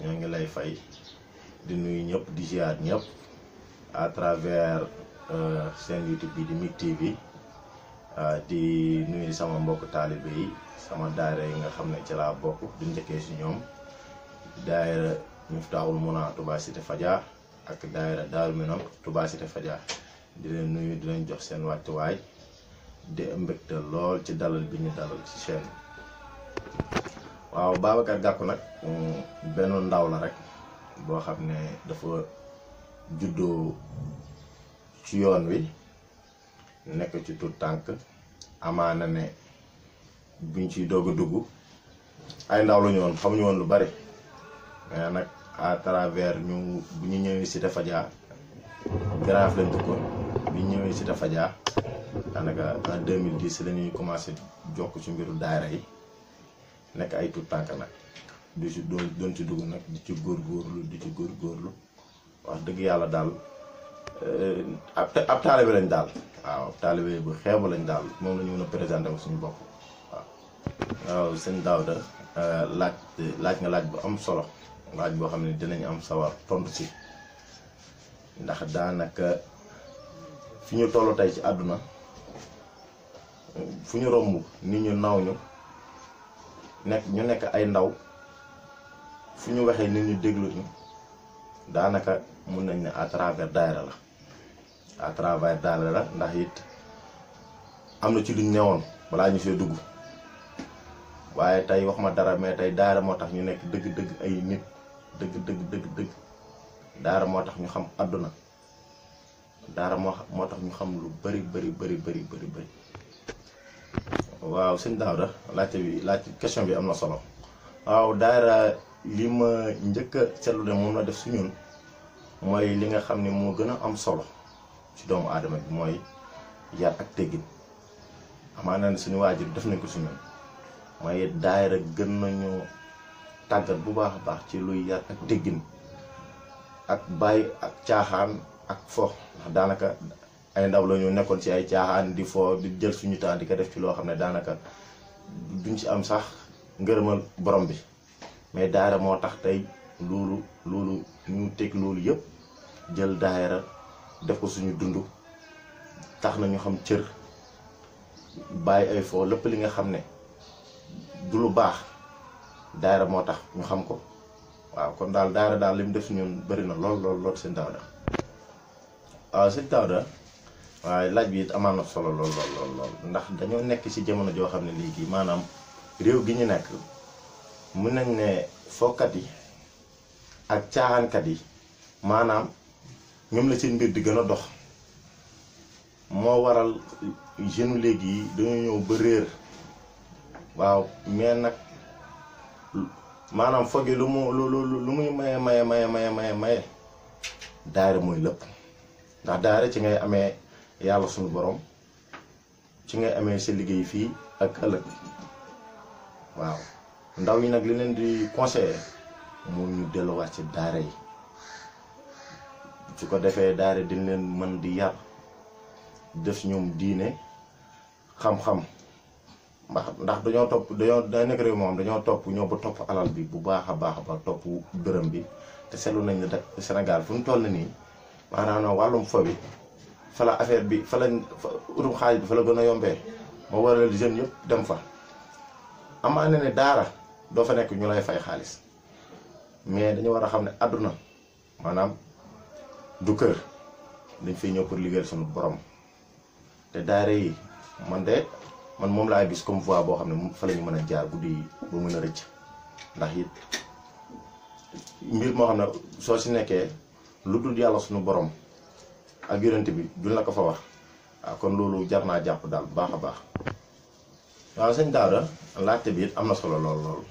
ñoo ngi lay fay di nuyu ñëpp di ziar ñëpp à travers seen euh, YouTube bi di Mik TV euh, di nuyu sama mbokk taalibe yi sama daayira yi nga xam ne ci laa bokk du njëkkee si ñoom daayira Miftaahul Muna Touba Cité Fadia ak daayira Daaru Minam Touba Cité Fadia di leen nuyu di leen jox seen wàccuwaay di mbégte lool ci dalal bi ñu dalal ci chaîne waaw Babacar Gakou nag benn ndaw la rek boo xam ne dafa juddoo ci yoon wi nekk ci tout tànk amaana ne buñ ciy doog a dugg ay ndaw la ñu woon xamuñu woon lu bari mais nag à travers ñu bu ñu ñëwee si dafa jaar grave lañ dëkkoon bi ñu ñëwee si dafa jaar daanaka en si la ñuy commencé jokk ci mbiru daayra yi. nekk ay tout tànk nag du ci doon doon ci dugg nag di ci góor góorgóorlu du ci góor góorlu wax dëgg yàlla daal eh, ab taalibe lañ daal waaw ab taalibe bu xeebu lañ daal moom la ñu mën a présenté ko suñu bopp waaw. waaw sëñ Daouda eh, laaj nga laaj bu am solo laaj boo xam ne dinañ am sawar tontu si ndax daanaka fi ñu toll tey ci àdduna fu ñu romb nit ñu naw ñu. nekk ñu nekk ay ndaw fu ñu waxee nit ñu déglu ñu daanaka mun nañ ne à travers daayira la à travers daayira la ndax it am na ci luñ newoon balaa ñu see dugg waaye tey wax ma dara mais tey daayira moo tax ñu nekk dëgg-dëgg ay nit dëgg dëgg dëgg dëgg moo tax ñu xam àdduna daara moo moo tax ñu xam lu bari bari bari bari bari waaw sëñ Daouda laajte bi laajte question bi am na solo waaw daara li ma njëkk a seetlu ne moom la def su ñun mooy li nga xam ni moo gën a am solo ci doomu aadama bi mooy yar ak teggin amaana ne suñu waajur def nañ ko su ñun mooy daayira gën nañu tàggat bu baax a baax ci luy yar ak déggin ak bàyyi ak caaxaan ak fo ndax daanaka ay ndaw la ñu nekkoon ci ay caaxaan di foo di jël suñu temps di ko def ci loo xam ne daanaka duñ ci am sax ngërëmal borom bi mais daara moo tax tey loolu loolu ñu teg loolu yëpp jël daayara def ko suñu dund tax na ñu xam cër bàyyi ay foo lépp li nga xam ne du lu baax daayara moo tax ñu xam ko waaw kon daal daara daal li mu def ñun bëri na lool lool lool seen daaw da waaw ah, seen daaw da waaye laaj bi it amaan na solo lool lool lool ndax dañoo nekk ci jamono joo xam ne léegi maanaam réew gi ñu nekk mun nañ ne fookat yi ak caaxaankat yi maanaam ñoom la seen mbir di gën a dox moo waral jeune léegi yi dañoo ñëw ba réer waaw mais nag maanaam foog lu mu lu lu muy maye maye maye maye maye mooy lépp ndax daara ci ngay amee. yalla sunu borom ci ngay amé sa liggéey fi ak ëllëg waaw ndaw yi nak li leen di conseiller mo ñu delluwaat ci daara yi ci ko défé daara di leen mën di yar def ñoom diiné xam-xam ndax ndax dañoo topp dañoo day nekk réew moom dañoo topp ñoo bu top alal bi bu baaxa baaxa ba top dërëm bi té seetlu nañ ne Sénégal fu ñu toll ni manana walum fo bi fa la affaire bi fa la utum xaalis bi fa la gën a yombee moo waral jeunes yëpp dem fa amaa na ne daara doo fa nekk ñu lay fay xaalis mais dañu war a xam ne àdduna maanaam du kër dañ fay ñëw pour liggéeyal suñu borom te daara yi man de man moom laa bis comme voie boo xam ne fa la ñu mën a jaar guddi yi ba mën a rëcc ndax it mbir moo xam ne soo si nekkee lu dul yàlla suñu borom ak yonent bi du la ko fa wax kon loolu jar naa jàpp daal bu baax a baax waaw sëñ Daara laajte bi am na solo lool lool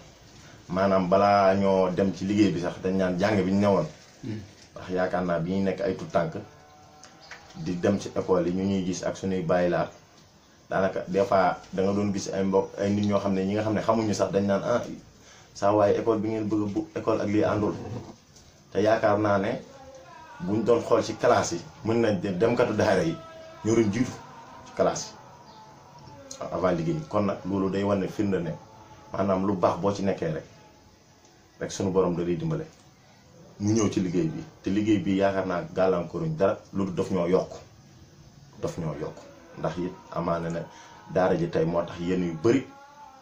maanaam balaa ñoo dem ci liggéey bi sax dañ naan jàng bi ñu newoon ndax yaakaar naa bi ñu nekk ay tout tànk di dem ci école yi ñu ñuy gis ak suñuy bàyyi laat daanaka des fois da doon gis ay mbokk ay nit ñoo xam ne ñi nga xam ne xamuñu sax dañ naan ah saa waaye école bi ngeen bëgg bu école ak lii àndul te yaakaar naa ne bu ñu doon xool ci classe yi mën nañ dem demkatu daara yi ñoo doon jiitu ci classe yi avant liggéey ñi kon nag loolu day wane firnde ne maanaam lu baax boo ci nekkee rek rek sunu borom da dimbale mu ñëw ci liggéey bi te liggéey bi yaakaar naa gàllankooruñ dara loolu daf ñoo yokk daf ñoo yokk ndax it amaana ne daara ji tey moo tax yenn yu bëri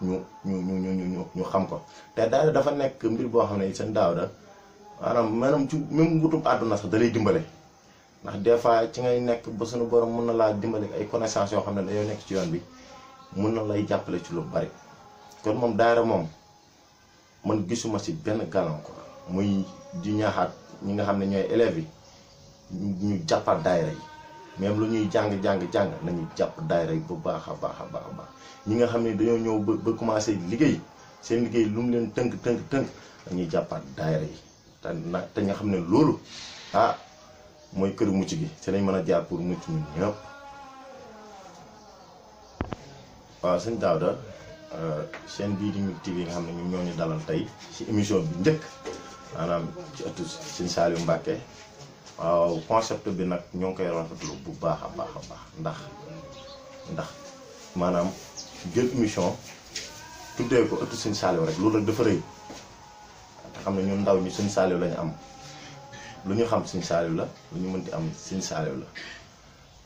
ñu ñu ñu ñu ñu ñu xam ko te daara dafa nekk mbir boo xam ne seen daaw da Aram manam ci même wutum àdduna sax da lay dimbale ndax des fois ci ngay nekk ba suñu borom mën na dimbale ay connaissance yoo xam ne dañoo ci yoon bi mën na lay jàppale ci lu bari kon mom daara moom man gisuma si benn gàllankoor muy di ñaaxaat ñi nga xam ne ñooy élèves yi ñu jàppaat daayira yi même lu ñuy jàng jàng jàng nañu jàpp daayira yi bu baax a baax ñi nga xam ne dañoo ñëw ba ba commencé liggéey seen liggéey lu mu leen tënk tënk tënk dañuy jàppaat daayira yi te nag te nga xam ne loolu ah mooy këru mucc gi ci lañ mën a jaar pour mucc ñun ñëpp waaw sëñ Daouda seen euh, bii di Mik TV nga xam ne ñoom ñoo ñu dalal tey ci émission bi njëkk maanaam ci ëttu sëñ Saliou Mbacké waaw concept bi nag ñoo ngi koy rafetlu bu baax a baax a baax ndax ndax maanaam jël émission tuddee ko ëttu sëñ Saliou rek loolu rek dafa rëy xam ne ñun ndaw ñi suñ saaliw lañu am lu ñu xam suñ saaliw la lu ñu mënti am suñ saaliw la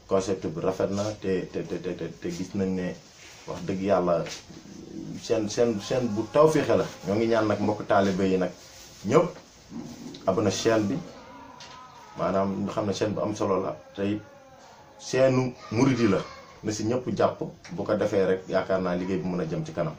concept bi rafet na te te te te te gis nañ ne wax dëgg yàlla seen seen seen bu taw féexe la ñoo ngi ñaan nag mbokk taalibe yi nag ñëpp abuna chaîne bi maanaam ñu xam ne chaîne bu am solo la te seenu muridi la na si ñëpp jàpp bu ko defee rek yaakaar naa liggéey bi jëm ci kanam